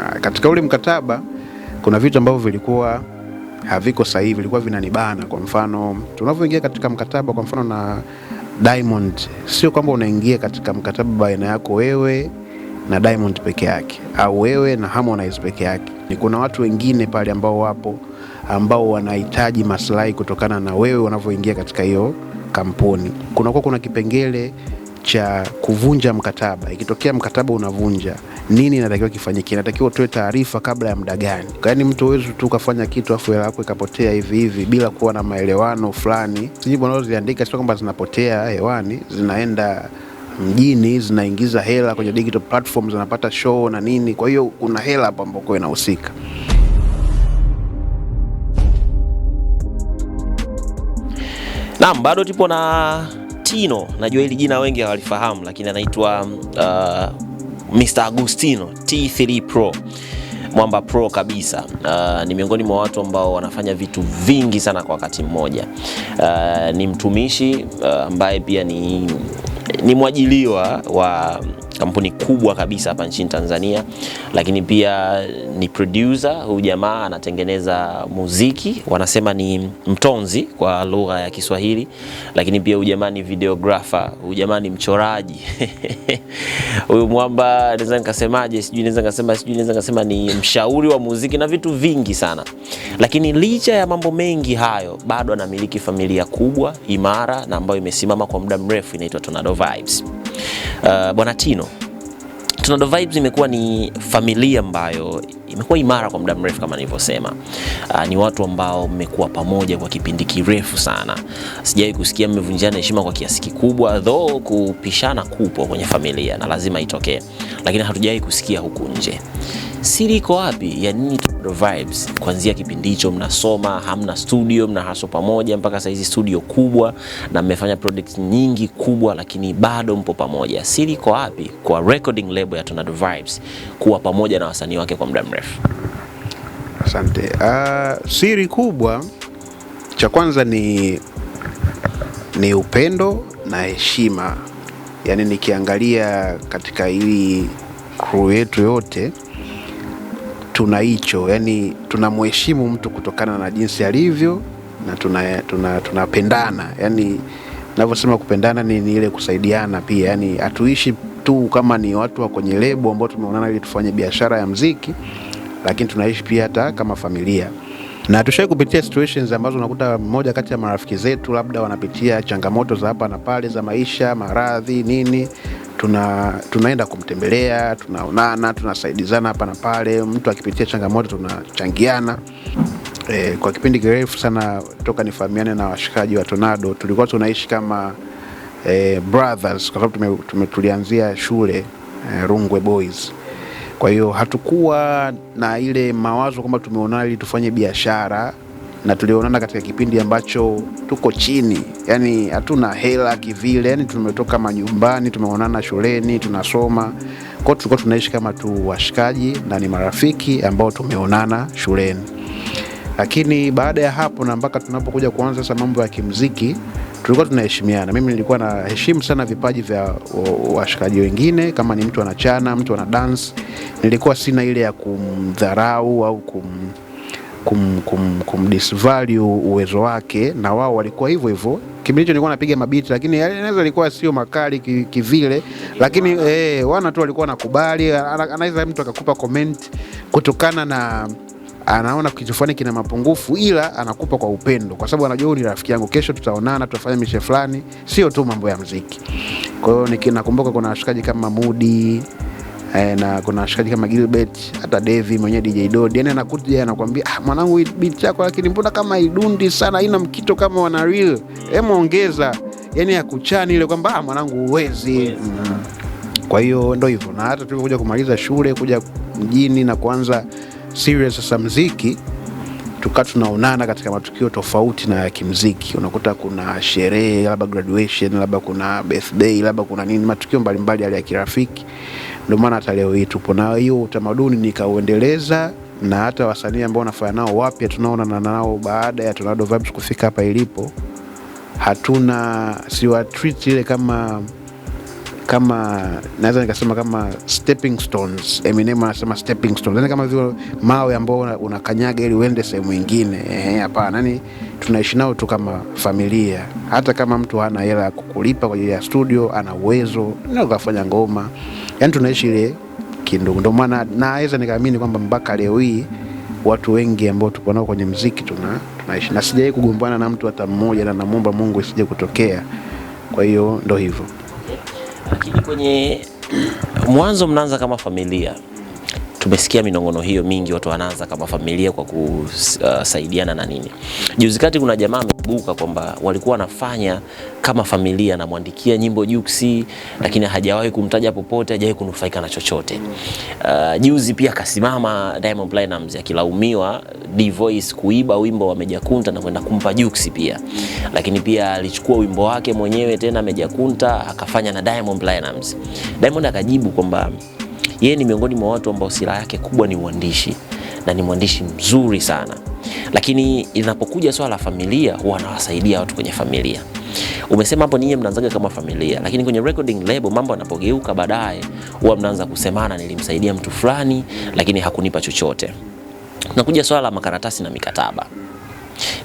Ah, katika ule mkataba kuna vitu ambavyo vilikuwa haviko sahihi, vilikuwa vinanibana. Kwa mfano tunavyoingia katika mkataba, kwa mfano na Diamond, sio kwamba unaingia katika mkataba baina yako wewe na Diamond peke yake au wewe na Harmonize peke yake. Ni kuna watu wengine pale ambao wapo ambao wanahitaji maslahi kutokana na wewe unavyoingia katika hiyo kampuni. Kunakuwa kuna kipengele cha kuvunja mkataba, ikitokea mkataba unavunja, nini inatakiwa kifanyike? Inatakiwa utoe taarifa kabla ya muda gani? Yaani mtu huwezi tu ukafanya kitu afu hela yako ikapotea hivi hivi bila kuwa na maelewano fulani. Sijibu unazoliandika sio kwamba zinapotea hewani, zinaenda mjini zinaingiza hela kwenye digital zinapata show na nini. Kwa hiyo kuna hela hapo ambako inahusika. Naam, bado tipo na Agustino, najua hili jina wengi hawalifahamu, lakini anaitwa uh, Mr Agustino T3 Pro mwamba pro kabisa. Uh, ni miongoni mwa watu ambao wanafanya vitu vingi sana kwa wakati mmoja. Uh, ni mtumishi uh, ambaye uh, pia ni, ni mwajiliwa wa kampuni kubwa kabisa hapa nchini Tanzania, lakini pia ni producer. Huyu jamaa anatengeneza muziki, wanasema ni mtonzi kwa lugha ya Kiswahili, lakini pia huyu jamaa ni videographer, huyu jamaa ni mchoraji huyu mwamba naweza nikasemaje, sijui naweza nikasema, sijui naweza nikasema ni mshauri wa muziki na vitu vingi sana, lakini licha ya mambo mengi hayo, bado anamiliki familia kubwa imara na ambayo imesimama kwa muda mrefu, inaitwa Tornado Vibes uh, Bwana Tino. Tunado Vibes imekuwa ni familia ambayo imekuwa imara kwa muda mrefu kama nilivyosema. Uh, ni watu ambao mmekuwa pamoja kwa kipindi kirefu sana. Sijawahi kusikia mmevunjiana heshima kwa kiasi kikubwa, though kupishana kupo kwenye familia na lazima itokee, lakini hatujawahi kusikia huku nje. Siri iko wapi ya nini? Vibes kuanzia kipindi hicho mnasoma, hamna studio, mna haso pamoja mpaka saizi studio kubwa na mmefanya project nyingi kubwa, lakini bado mpo pamoja. Siri iko wapi kwa recording label ya Tornado Vibes kuwa pamoja na wasanii wake kwa muda mrefu? mrefu. Asante. Uh, siri kubwa cha kwanza ni, ni upendo na heshima. Yaani nikiangalia katika hili kru yetu yote tuna hicho, yaani tunamheshimu mtu kutokana na jinsi alivyo na tunapendana tuna, tuna yaani navyosema kupendana ni, ni ile kusaidiana pia, yaani hatuishi tu kama ni watu wa kwenye lebo ambao tumeonana ili tufanye biashara ya mziki lakini tunaishi pia hata kama familia na tushawai kupitia situations ambazo unakuta mmoja kati ya marafiki zetu labda wanapitia changamoto za hapa na pale za maisha, maradhi nini, tuna tunaenda kumtembelea, tunaonana, tunasaidizana hapa na pale. Mtu akipitia changamoto tunachangiana. E, kwa kipindi kirefu sana toka nifahamiane na washikaji wa Tonado tulikuwa tunaishi kama e, brothers kwa sababu tume tulianzia shule e, Rungwe Boys kwa hiyo hatukuwa na ile mawazo kwamba tumeonana ili tufanye biashara, na tulionana katika kipindi ambacho tuko chini, yani hatuna hela kivile, yani tumetoka manyumbani tumeonana shuleni, tunasoma hiyo tulikuwa tunaishi kama tu washikaji na ni marafiki ambao tumeonana shuleni. Lakini baada ya hapo na mpaka tunapokuja kuanza sasa mambo ya kimziki tulikuwa tunaheshimiana. Mimi nilikuwa naheshimu sana vipaji vya washikaji wengine, kama ni mtu anachana, mtu ana dance, nilikuwa sina ile ya kumdharau au kum kum, kum, kum disvalue uwezo wake, na wao walikuwa hivyo hivyo. Kipindi hicho nilikuwa napiga mabiti, lakini yale naweza ilikuwa sio makali kivile, lakini eh, wana tu walikuwa nakubali, anaweza mtu akakupa comment kutokana na anaona kitu fulani kina mapungufu, ila anakupa kwa upendo, kwa sababu anajua ni rafiki yangu, kesho tutaonana, tutafanya mishe fulani, sio tu mambo ya mziki. Kwa hiyo nikinakumbuka kuna washikaji kama Mudi eh, na kuna washikaji kama Gilbert, hata Devi mwenyewe DJ Dodi, yani anakuja anakuambia, ah, mwanangu beat yako lakini mbona kama idundi sana, ina mkito kama wana real, hebu ongeza, yani ya akuchani ile kwamba ah, mwanangu uwezi mm. Kwa hiyo ndo hivyo, na hata tulivyokuja kumaliza shule kuja mjini na kuanza series za mziki tukaa tunaonana katika matukio tofauti na ya kimziki. Unakuta kuna sherehe, labda graduation, labda kuna birthday, labda kuna nini, matukio mbalimbali yale ya kirafiki. Ndio maana hata leo hii tupo na hiyo utamaduni, nikauendeleza na hata wasanii ambao nafanya nao wapya, tunaonana nao baada ya Tornado Vibes kufika hapa ilipo, hatuna treat ile kama kama naweza nikasema kama stepping stones. Eminem anasema stepping stones, yani kama vile mawe ambayo unakanyaga ili uende sehemu nyingine. Ehe, hapana, ni yaani tunaishi nao tu kama familia. Hata kama mtu hana hela ya kukulipa kwa ajili ya studio, ana uwezo na kufanya ngoma, yani tunaishi ile kindugu. Ndio maana naweza nikaamini kwamba mpaka leo hii watu wengi ambao tuko nao kwenye mziki tuna tunaishi, na sijawahi kugombana na mtu hata mmoja, na namwomba Mungu isije kutokea. Kwa hiyo ndo hivyo. Lakini kwenye mwanzo mnaanza kama familia tumesikia minongono hiyo mingi, watu wanaanza kama familia kwa kusaidiana na nini. Juzi kati kuna jamaa amebuka kwamba walikuwa wanafanya kama familia, anamwandikia nyimbo Juksi, lakini hajawahi kumtaja popote, hajawahi kunufaika na chochote. Uh, juzi pia akasimama Diamond Platnumz akilaumiwa D Voice kuiba wimbo wa Meja Kunta na kwenda kumpa Juksi pia, lakini pia alichukua wimbo wake mwenyewe tena Meja Kunta akafanya na Diamond Platnumz. Diamond akajibu kwamba yeye ni miongoni mwa watu ambao silaha yake kubwa ni uandishi na ni mwandishi mzuri sana, lakini inapokuja swala la familia huwa anawasaidia watu kwenye familia. Umesema hapo ninyi mnaanzaga kama familia, lakini kwenye recording label mambo yanapogeuka baadaye, huwa mnaanza kusemana, nilimsaidia mtu fulani, lakini hakunipa chochote. Nakuja swala la makaratasi na mikataba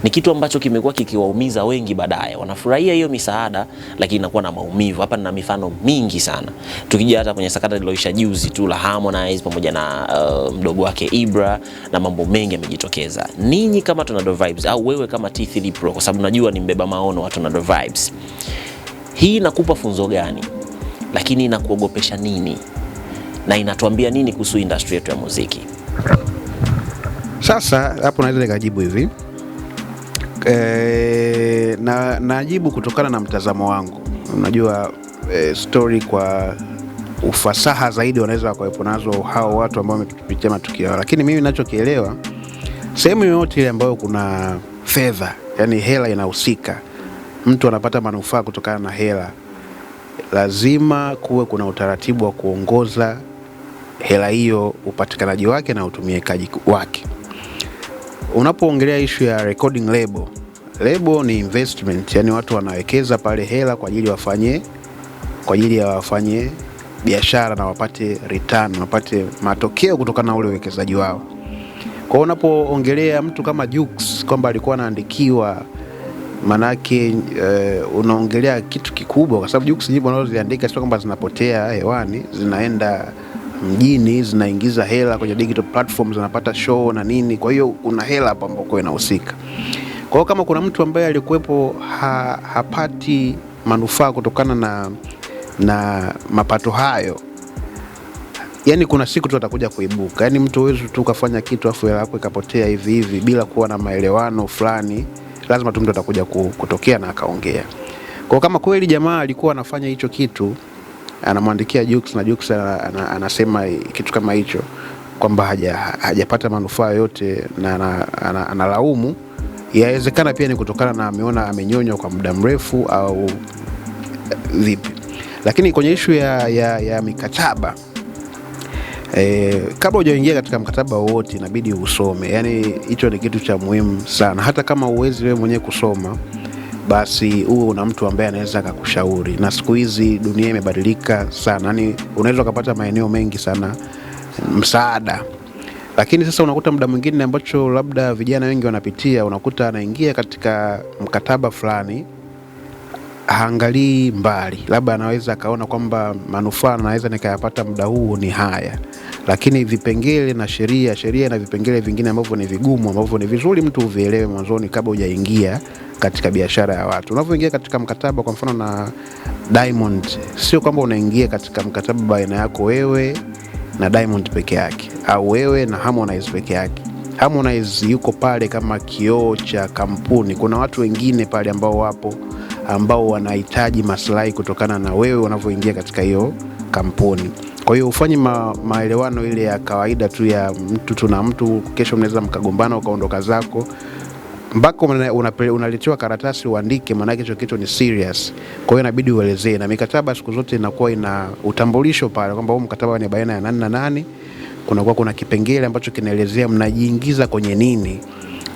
ni kitu ambacho kimekuwa kikiwaumiza wengi. Baadaye wanafurahia hiyo misaada, lakini inakuwa na maumivu. Hapa nina mifano mingi sana, tukija hata kwenye sakata liloisha juzi tu la Harmonize pamoja na uh, mdogo wake Ibra na mambo mengi yamejitokeza. Ninyi kama Tornado Vibes au wewe kama T3 Pro, kwa sababu najua ni mbeba maono wa Tornado Vibes, hii inakupa funzo gani? Lakini inakuogopesha nini na inatuambia nini kuhusu industry yetu ya muziki? Sasa hapo naweza nikajibu hivi E, na najibu kutokana na mtazamo wangu. Unajua e, eh, stori kwa ufasaha zaidi wanaweza wakawepo nazo hao watu ambao wamepitia matukio hayo, lakini mimi ninachokielewa, sehemu yoyote ile ambayo kuna fedha, yani hela inahusika, mtu anapata manufaa kutokana na hela, lazima kuwe kuna utaratibu wa kuongoza hela hiyo, upatikanaji wake na utumiekaji wake unapoongelea ishu ya recording label, label ni investment, yani watu wanawekeza pale hela kwa ajili wafanye kwa ajili ya wafanye biashara na wapate return, wapate matokeo kutokana na ule uwekezaji wao. Kwa hiyo unapoongelea mtu kama Jux kwamba alikuwa anaandikiwa manake uh, unaongelea kitu kikubwa, kwa sababu Jux nyimbo anazoliandika sio kwamba zinapotea hewani, zinaenda mjini zinaingiza hela kwenye digital platforms, anapata show na nini. Kwa hiyo kuna hela hapa ambako inahusika. Kwa hiyo kama kuna mtu ambaye alikuwepo ha, hapati manufaa kutokana na, na mapato hayo, yani kuna siku tu atakuja kuibuka. Yani mtu huwezi tu ukafanya kitu afu hela yako ikapotea hivi hivi bila kuwa na maelewano fulani, lazima tu mtu atakuja kutokea na akaongea. Kwa kama kweli jamaa alikuwa anafanya hicho kitu anamwandikia Jux na Jux anasema kitu kama hicho kwamba hajapata haja manufaa yote, na analaumu. Yawezekana pia ni kutokana na ameona amenyonywa kwa muda mrefu au vipi, lakini kwenye ishu ya, ya, ya mikataba E, kabla hujaingia katika mkataba wowote inabidi usome. Yaani hicho ni kitu cha muhimu sana, hata kama uwezi wewe mwenyewe kusoma basi huo una mtu ambaye anaweza akakushauri, na siku hizi dunia imebadilika sana, yani unaweza ukapata maeneo mengi sana msaada lakini sasa unakuta muda mwingine ambacho labda vijana wengi wanapitia, unakuta anaingia katika mkataba fulani, haangalii mbali, labda anaweza akaona kwamba manufaa naweza nikayapata muda huu ni haya, lakini vipengele na sheria sheria na vipengele vingine ambavyo ni vigumu ambavyo ni vizuri mtu uvielewe mwanzoni kabla hujaingia katika biashara ya watu. Unavyoingia katika mkataba kwa mfano na Diamond, sio kwamba unaingia katika mkataba baina yako wewe na Diamond peke yake au wewe na Harmonize peke yake. Harmonize yuko pale kama kioo cha kampuni. Kuna watu wengine pale ambao wapo ambao wanahitaji maslahi kutokana na wewe unavyoingia katika hiyo kampuni. Kwa hiyo ufanye ma, maelewano ile ya kawaida tu ya mtu tuna mtu, kesho mnaweza mkagombana ukaondoka zako mpaka unaletewa karatasi uandike, maana hicho kitu ni serious. Kwa hiyo inabidi uelezee, na mikataba siku zote inakuwa ina utambulisho pale kwamba huu mkataba ni baina ya nani na nani. Kunakuwa kuna kipengele ambacho kinaelezea mnajiingiza kwenye nini,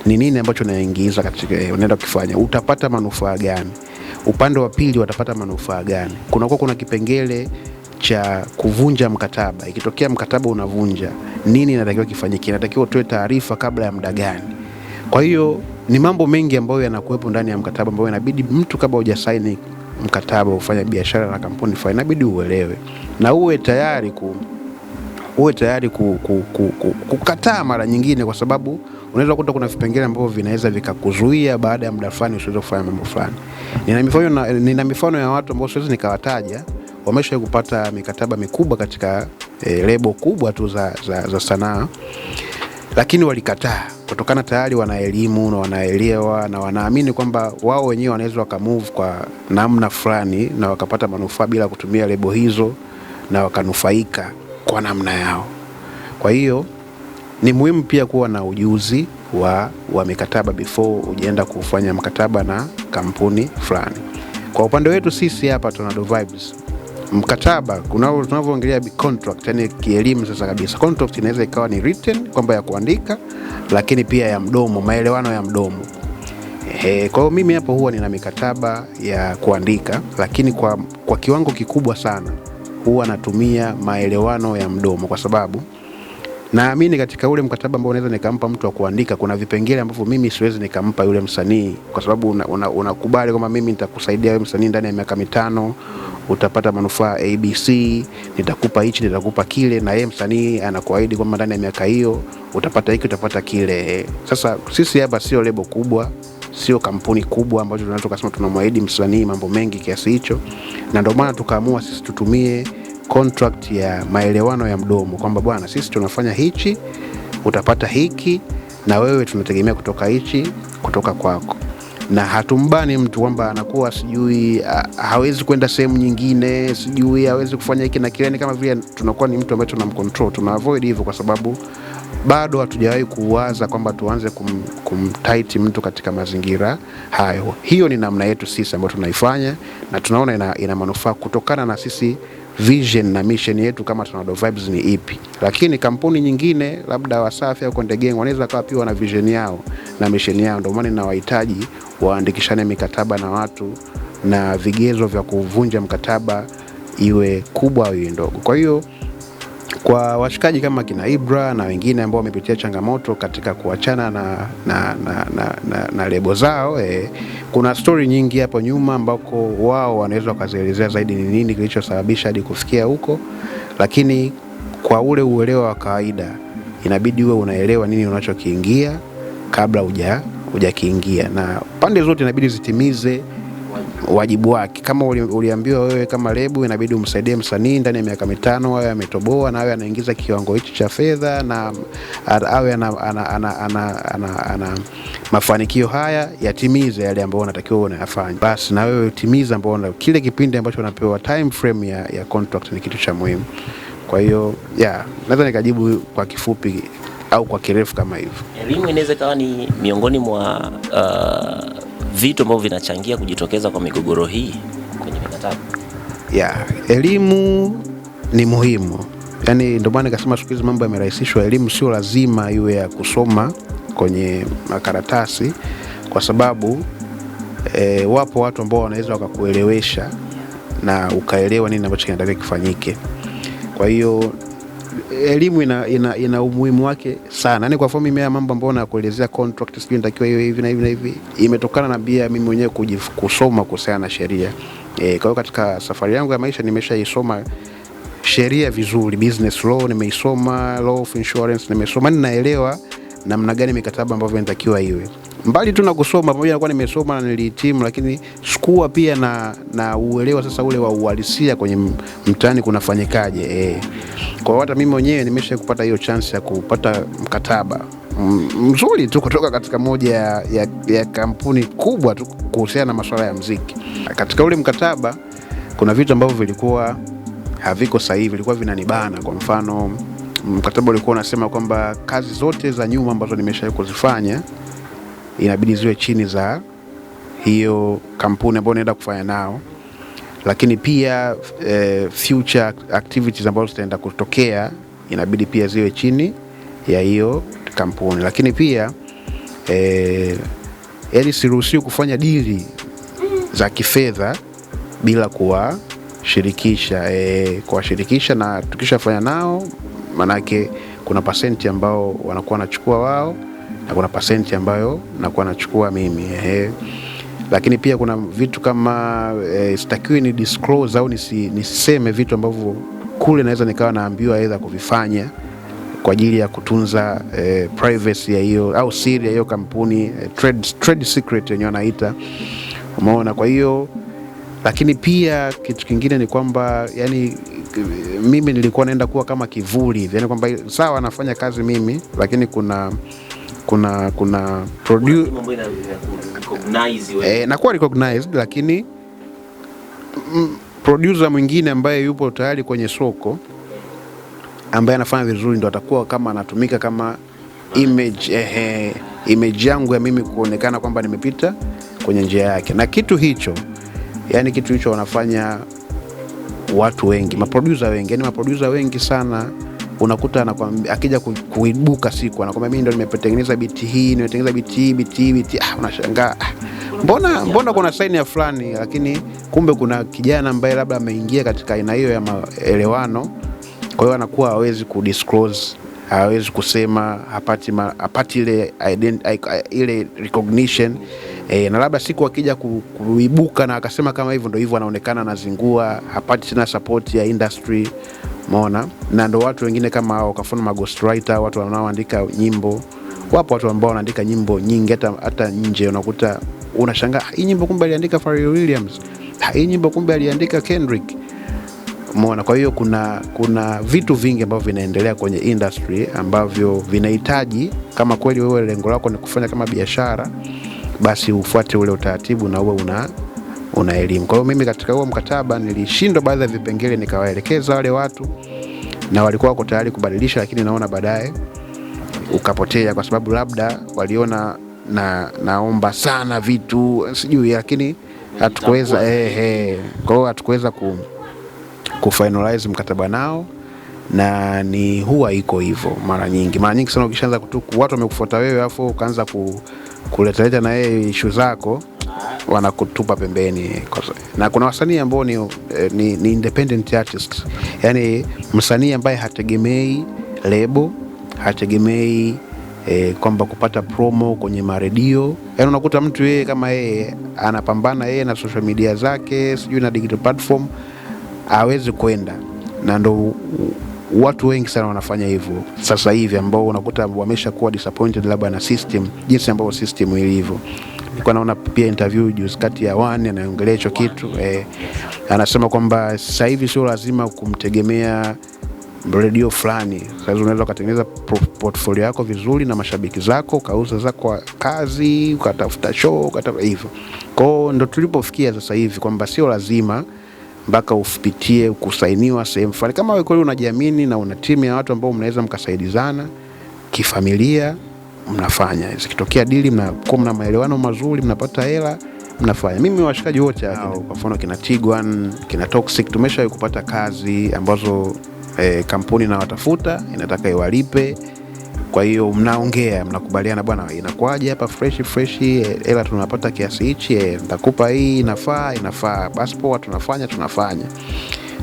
ni nini ambacho unaingiza katika, eh, unaenda kufanya, utapata manufaa gani, upande wa pili watapata manufaa gani. Kunakuwa kuna kipengele cha kuvunja mkataba. Ikitokea mkataba unavunja, nini inatakiwa kifanyike? Inatakiwa utoe taarifa kabla ya muda gani? Kwa hiyo ni mambo mengi ambayo yanakuwepo ndani ya mkataba ambayo inabidi mtu kabla hujasaini mkataba ufanya biashara na kampuni fulani inabidi uelewe na uwe tayari ku uwe tayari ku, ku, ku, ku, kukataa mara nyingine, kwa sababu unaweza kukuta kuna vipengele ambavyo vinaweza vikakuzuia baada ya muda fulani usiweze kufanya mambo fulani. Nina mifano, nina mifano ya watu ambao siwezi nikawataja wamesha kupata mikataba mikubwa katika e, lebo kubwa tu za, za, za sanaa lakini walikataa kutokana tayari wana elimu na wanaelewa na wanaamini kwamba wao wenyewe wanaweza wakamove kwa namna fulani na wakapata manufaa bila kutumia lebo hizo na wakanufaika kwa namna yao. Kwa hiyo ni muhimu pia kuwa na ujuzi wa, wa mikataba before ujaenda kufanya mkataba na kampuni fulani. Kwa upande wetu sisi hapa tuna Do Vibes mkataba tunavyoongelea contract, yani kielimu sasa kabisa, contract inaweza ikawa ni written kwamba ya kuandika, lakini pia ya mdomo, maelewano ya mdomo. Ehe, kwa hiyo mimi hapo huwa nina mikataba ya kuandika, lakini kwa, kwa kiwango kikubwa sana huwa natumia maelewano ya mdomo kwa sababu naamini katika ule mkataba ambao unaweza nikampa mtu wa kuandika, kuna vipengele ambavyo mimi siwezi nikampa yule msanii, kwa sababu unakubali una, una kwamba mimi nitakusaidia wewe msanii ndani ya miaka mitano utapata manufaa ABC, nitakupa hichi, nitakupa kile, na yeye msanii anakuahidi kwamba ndani ya miaka hiyo utapata hiki, utapata kile. Sasa sisi hapa sio lebo kubwa, sio kampuni kubwa ambayo tunaweza tukasema tunamwahidi msanii mambo mengi kiasi hicho, na ndio maana tukaamua sisi tutumie contract ya maelewano ya mdomo kwamba bwana, sisi tunafanya hichi, utapata hiki, na wewe tunategemea kutoka hichi kutoka kwako na hatumbani mtu kwamba anakuwa sijui hawezi kwenda sehemu nyingine, sijui hawezi kufanya hiki na kile. Ni kama vile tunakuwa ni mtu ambaye tunamcontrol, tuna avoid hivyo, kwa sababu bado hatujawahi kuwaza kwamba tuanze kum, kumtaiti mtu katika mazingira hayo. Hiyo ni namna yetu sisi ambayo tunaifanya na tunaona ina, ina manufaa kutokana na sisi vision na mission yetu kama Tornado Vibes ni ipi, lakini kampuni nyingine labda Wasafi au Konde Gang wanaweza kawa pia wana vision yao na mission yao. Ndio maana ninawahitaji waandikishane mikataba na watu na vigezo vya kuvunja mkataba iwe kubwa au iwe ndogo. Kwa hiyo kwa washikaji kama kina Ibra na wengine ambao wamepitia changamoto katika kuachana na, na, na, na, na, na lebo zao eh, kuna stori nyingi hapo nyuma ambako wao wanaweza wakazielezea zaidi ni nini kilichosababisha hadi kufikia huko, lakini kwa ule uelewa wa kawaida inabidi uwe unaelewa nini unachokiingia kabla uja hujakiingia, na pande zote inabidi zitimize wajibu wake. Kama uliambiwa wewe kama lebu inabidi umsaidie msanii ndani ya miaka mitano awe ametoboa na awe anaingiza kiwango hichi cha fedha na awe ana, ana, ana, ana, ana, ana mafanikio haya, yatimize yale ambayo unatakiwa unayafanya, basi na wewe timiza ambao kile kipindi ambacho unapewa time frame ya, ya contract ni kitu cha muhimu. Kwa hiyo yeah, naweza nikajibu kwa kifupi au kwa kirefu kama hivyo. Elimu inaweza kawa ni miongoni mwa uh, vitu ambavyo vinachangia kujitokeza kwa migogoro hii kwenye mikataba? Yeah, elimu ni muhimu, yaani ndio maana nikasema siku hizi mambo yamerahisishwa. Elimu sio lazima iwe ya kusoma kwenye makaratasi, kwa sababu e, wapo watu ambao wanaweza wakakuelewesha na ukaelewa nini ambacho kinatakiwa kifanyike. Kwa hiyo elimu ina, ina, ina umuhimu wake sana. yani kwa mimi haya mambo ambayo nakuelezea contract sijui nitakiwa iwe hivi na hivi na hivi imetokana na bia mimi mwenyewe kusoma kuhusiana na sheria e, kwa hiyo katika safari yangu ya maisha nimeshaisoma sheria vizuri, business law nimeisoma, law of insurance nimesoma, ninaelewa yaani namna gani mikataba ambavyo inatakiwa iwe mbali tu na kusoma, pamoja na kuwa nimesoma na nilihitimu, lakini sikuwa pia na, na uelewa sasa ule wa uhalisia kwenye mtaani kunafanyikaje eh. Kwa hata mimi mwenyewe nimesha kupata hiyo chance ya kupata mkataba mm, mzuri tu kutoka katika moja ya, ya, ya kampuni kubwa tu kuhusiana na masuala ya mziki. Katika ule mkataba kuna vitu ambavyo vilikuwa haviko sahihi, vilikuwa vinanibana. Kwa mfano mkataba ulikuwa unasema kwamba kazi zote za nyuma ambazo nimeshawahi kuzifanya inabidi ziwe chini za hiyo kampuni ambayo unaenda kufanya nao, lakini pia e, future activities ambazo zitaenda kutokea inabidi pia ziwe chini ya hiyo kampuni, lakini pia e, yani siruhusiwi kufanya dili za kifedha bila kuwashirikisha e, kuwashirikisha na tukishafanya nao, manake kuna pasenti ambao wanakuwa wanachukua wao na kuna pasenti ambayo nakuwa nachukua mimi eh. Lakini pia kuna vitu kama eh, sitakiwi ni disclose au nisi, niseme vitu ambavyo kule naweza nikawa naambiwa aidha kuvifanya kwa ajili ya kutunza eh, privacy ya hiyo au siri ya hiyo kampuni eh, trade, trade secret yenye wanaita, umeona. Kwa hiyo lakini pia kitu kingine ni kwamba yani mimi nilikuwa naenda kuwa kama kivuli hivi, yani kwamba sawa nafanya kazi mimi, lakini kuna kuna kuna produ... eh, nakuwa recognized lakini producer mwingine ambaye yupo tayari kwenye soko ambaye anafanya vizuri ndo atakuwa kama anatumika kama image, eh, image yangu ya mimi kuonekana kwamba nimepita kwenye njia yake, na kitu hicho, yani kitu hicho wanafanya watu wengi, maproducer wengi, yani maproducer wengi sana unakuta anakwambia, akija kuibuka siku anakwambia mimi ndo nimetengeneza biti hii, nimetengeneza biti hii, biti hii, biti ah, unashangaa ah, mbona mbona kuna saini ya fulani, lakini kumbe kuna kijana ambaye labda ameingia katika aina hiyo ya maelewano, kwa hiyo anakuwa hawezi kudisclose hawezi kusema, hapati, ma, hapati ile, ile recognition E, na labda siku akija kuibuka na akasema kama hivyo ndio hivyo, anaonekana anazingua, hapati tena support ya industry, umeona. Na ndo watu wengine kama hao wakafuna ma ghostwriter, watu wanaoandika nyimbo. Wapo watu ambao wanaandika nyimbo nyingi hata hata nje, unakuta unashangaa, ah, hii nyimbo kumbe aliandika Pharrell Williams, ah, hii nyimbo kumbe aliandika Kendrick, umeona. Kwa hiyo kuna kuna vitu vingi ambavyo vinaendelea kwenye industry ambavyo vinahitaji, kama kweli wewe lengo lako ni kufanya kama biashara basi ufuate ule utaratibu na uwe una una elimu. Kwa hiyo mimi katika huo mkataba nilishindwa baadhi ya vipengele, nikawaelekeza wale watu na walikuwa wako tayari kubadilisha, lakini naona baadaye ukapotea kwa sababu labda waliona na naomba sana vitu sijui, lakini hatukuweza eh, eh, kwa hiyo hatukuweza ku kufinalize mkataba nao na ni huwa iko hivyo mara nyingi, mara nyingi sana. Ukishaanza watu wamekufuata wewe, afu ukaanza ku, kuletaleta na yeye ishu zako, wanakutupa pembeni. Na kuna wasanii ambao ni, eh, ni, ni independent artist, yani msanii ambaye hategemei lebo, hategemei E, kwamba kupata promo kwenye maredio. Yani unakuta mtu yeye kama yeye anapambana yeye na social media zake, sijui na digital platform, awezi kwenda na ndo Watu wengi sana wanafanya hivyo sasa hivi, ambao unakuta kuwa disappointed labda na system, jinsi ambavyo system ilivyo. Nilikuwa naona pia interview juzi kati ya Wani anaongelea hicho kitu eh, anasema kwamba sasa hivi sio lazima kumtegemea redio fulani. Sasa unaweza ukatengeneza portfolio yako vizuri na mashabiki zako, ukauza zako kazi, ukatafuta show, ukatafuta hivyo. Kwao ndo tulipofikia sasa hivi kwamba sio lazima mpaka upitie kusainiwa sehemu fulani. Kama wewe kweli unajiamini na una timu ya watu ambao mnaweza mkasaidizana kifamilia, mnafanya zikitokea dili, mnakuwa mna maelewano mazuri, mnapata hela mnafanya. Mimi washikaji wote hao, kwa mfano kina Tiguan, kina Toxic, tumesha kupata kazi ambazo eh, kampuni inawatafuta inataka iwalipe kwa hiyo mnaongea, mnakubaliana, bwana, inakuwaje hapa, fresh fresh, hela tunapata kiasi hichi, eh, nitakupa hii, inafaa inafaa, basi poa, tunafanya tunafanya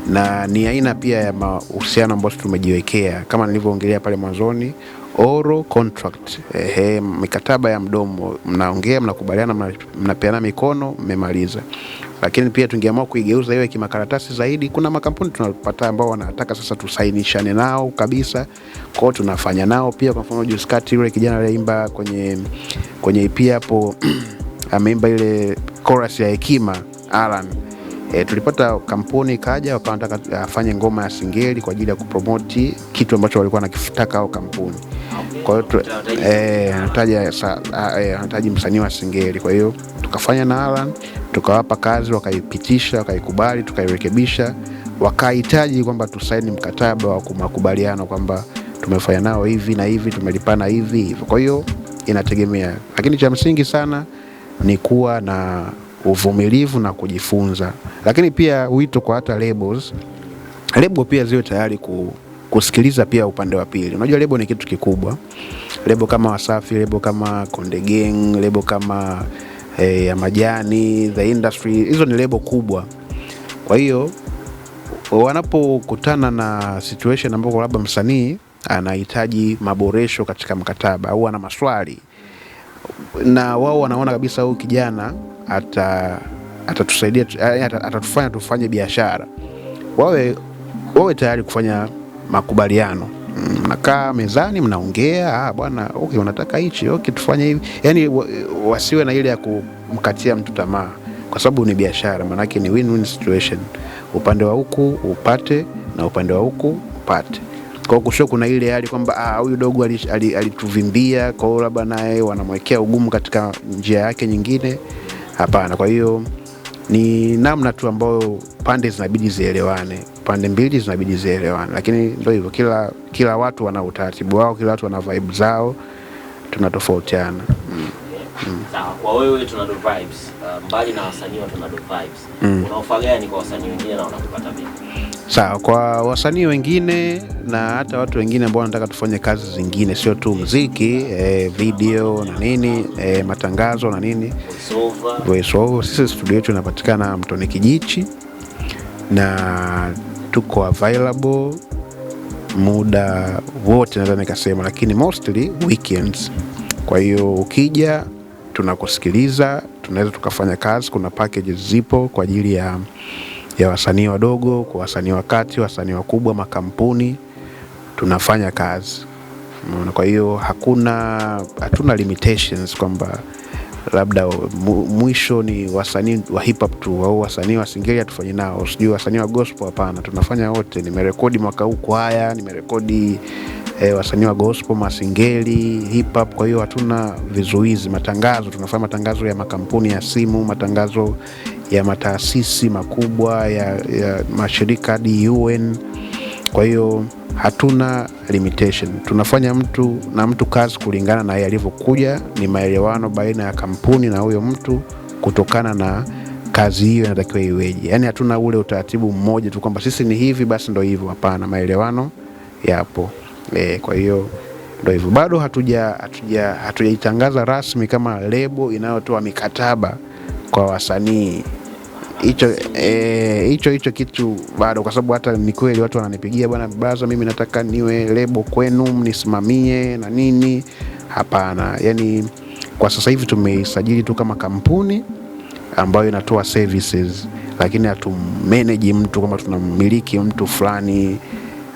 na ni aina pia ya mahusiano ambayo tumejiwekea kama nilivyoongelea pale mwanzoni, oral contract. Ehe, mikataba ya mdomo, mnaongea, mnakubaliana, mnapeana mikono, mmemaliza lakini pia tungeamua kuigeuza iwe kimakaratasi zaidi. Kuna makampuni tunapata ambao wanataka sasa tusainishane nao kabisa, kwao tunafanya nao pia. Kwa mfano Juice Cut yule kijana aliyeimba kwenye kwenye EP hapo ameimba ile chorus ya Hekima Alan E, tulipata kampuni kaja wapanataka eh, afanye ngoma ya Singeli kwa ajili ya kupromoti kitu ambacho walikuwa nakitaka au kampuni. Kwa hiyo eh, anahitaji msanii wa Singeli, kwa hiyo tukafanya na Alan, tukawapa kazi, wakaipitisha, wakaikubali, tukairekebisha, wakahitaji kwamba tusaini mkataba wa makubaliano kwamba tumefanya nao hivi na hivi, tumelipana hivi hivyo. Kwa hiyo inategemea, lakini cha msingi sana ni kuwa na uvumilivu na kujifunza, lakini pia wito kwa hata labels, lebo pia ziwe tayari ku, kusikiliza pia upande wa pili. Unajua lebo ni kitu kikubwa, lebo kama Wasafi, lebo kama Konde Gang, lebo kama eh, ya Majani, The Industry, hizo ni lebo kubwa. Kwa hiyo wanapokutana na situation ambapo labda msanii anahitaji maboresho katika mkataba au ana maswali na wao wanaona kabisa huyu kijana Yaani ata atatufanya tufanye biashara. Wawe, wawe tayari kufanya makubaliano. Mm, mnakaa mezani mnaongea, ah, bwana okay, unataka hichi okay, tufanye hivi. Yani wasiwe na ile ya kumkatia mtu tamaa, kwa sababu ni biashara, maanake ni win-win situation, upande wa huku upate na upande wa huku upate kwao kusho kuna ile hali kwamba ah, huyu dogo alituvimbia, ali, ali kwao labda naye wanamwekea ugumu katika njia yake nyingine. Hapana. Kwa hiyo ni namna tu ambayo pande zinabidi zielewane, pande mbili zinabidi zielewane, lakini ndio hivyo, kila kila watu wana utaratibu wao, kila watu wana vibe zao, tunatofautiana mm. Mm. Sawa, kwa wewe Tunado vibes. Uh, mbali na wasanii wa Tunado vibes. Mm. Unaofa gani kwa wasanii wengine na unakupata vipi? Sawa, kwa wasanii wengine na hata watu wengine ambao wanataka tufanye kazi zingine, sio tu mziki e, eh, video na nini e, matangazo na nini voice over. Sisi studio yetu inapatikana Mtoni Kijichi na tuko available muda wote, naweza nikasema, lakini mostly weekends. Kwa hiyo ukija, tunakusikiliza, tunaweza tukafanya kazi. Kuna packages zipo kwa ajili ya ya wasanii wadogo kwa wasanii wakati wasanii wakubwa, makampuni tunafanya kazi. Kwa hiyo hakuna, hatuna limitations kwamba labda mwisho ni wasanii wa hip hop tu au wasanii wa singeli hatufanyi nao, sijui wasanii wa gospel. Hapana, tunafanya wote. Nimerekodi mwaka huu kwaya, nimerekodi eh, wasanii wa gospel, masingeli, hip hop. Kwa hiyo hatuna vizuizi. Matangazo tunafanya matangazo ya makampuni ya simu, matangazo ya mataasisi makubwa ya, ya mashirika hadi UN. Kwa hiyo hatuna limitation, tunafanya mtu na mtu kazi kulingana na yeye alivyokuja. Ni maelewano baina ya kampuni na huyo mtu kutokana na kazi hiyo inatakiwa iweje. Yani hatuna ule utaratibu mmoja tu kwamba sisi ni hivi basi ndo hivyo. Hapana, maelewano yapo. E, kwa hiyo ndo hivyo, bado hatuja hatujaitangaza hatuja rasmi kama lebo inayotoa mikataba kwa wasanii hicho eh, hicho hicho kitu bado, kwa sababu hata ni kweli watu wananipigia, bwana Braza, mimi nataka niwe lebo kwenu mnisimamie na nini. Hapana, yani kwa sasa hivi tumeisajili tu kama kampuni ambayo inatoa services, lakini hatumeneji mtu kama tunamiliki mtu fulani.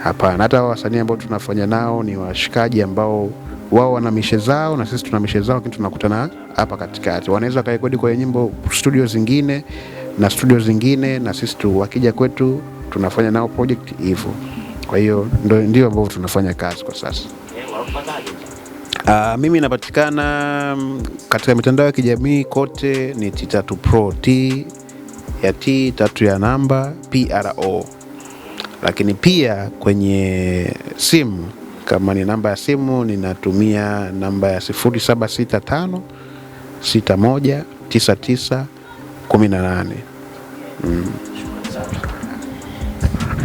Hapana, hata wasanii ambao tunafanya nao ni washikaji ambao wao wana mishe zao na sisi tuna mishe zao, lakini tunakutana hapa katikati. Wanaweza wakarekodi kwenye nyimbo studio zingine na studio zingine, na sisi tu wakija kwetu tunafanya nao project hivyo. Kwa hiyo ndio ambavyo tunafanya kazi kwa sasa. Uh, mimi napatikana mm, katika mitandao ya kijamii kote ni T3 Pro, T ya T tatu ya namba PRO, lakini pia kwenye simu kama ni namba ya simu ninatumia namba ya 0765 61 619918. Mm.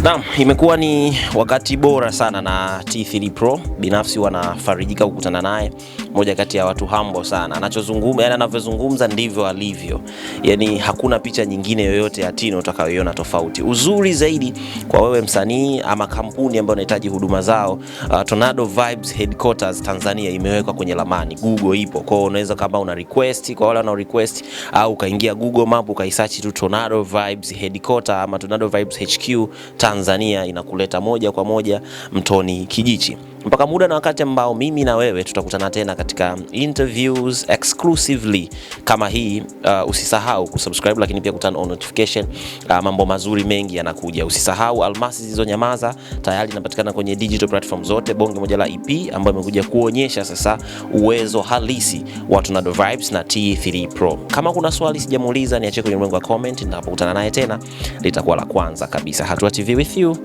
Naam, imekuwa ni wakati bora sana na T3 Pro. Binafsi wanafarijika kukutana naye, moja kati ya watu hambo sana. Anachozungumza, yani anavyozungumza ndivyo alivyo. Yaani hakuna picha nyingine yoyote ya Tino utakayoiona tofauti. Uzuri zaidi kwa wewe msanii ama kampuni ambayo unahitaji huduma zao, uh, Tornado Vibes Headquarters Tanzania imewekwa kwenye lamani. Google ipo. Kwa hiyo unaweza kama una request, kwa wale wanao request au ukaingia Google Map ukaisearch tu Tornado Vibes Headquarters ama Tornado Vibes HQ Tanzania. Tanzania inakuleta moja kwa moja Mtoni Kijichi mpaka muda na wakati ambao mimi na wewe tutakutana tena katika interviews exclusively kama hii. Uh, usisahau kusubscribe, lakini pia kutana on notification. Uh, mambo mazuri mengi yanakuja. Usisahau Almasi Zilizonyamaza tayari inapatikana kwenye digital platform zote, bonge moja la EP ambayo imekuja kuonyesha sasa uwezo halisi wa tornado Vibes na T3 Pro. Kama kuna swali sijamuuliza, niachie kwenye mlengo wa comment, na naye tena litakuwa la kwanza kabisa. Hatua TV with you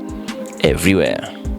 everywhere.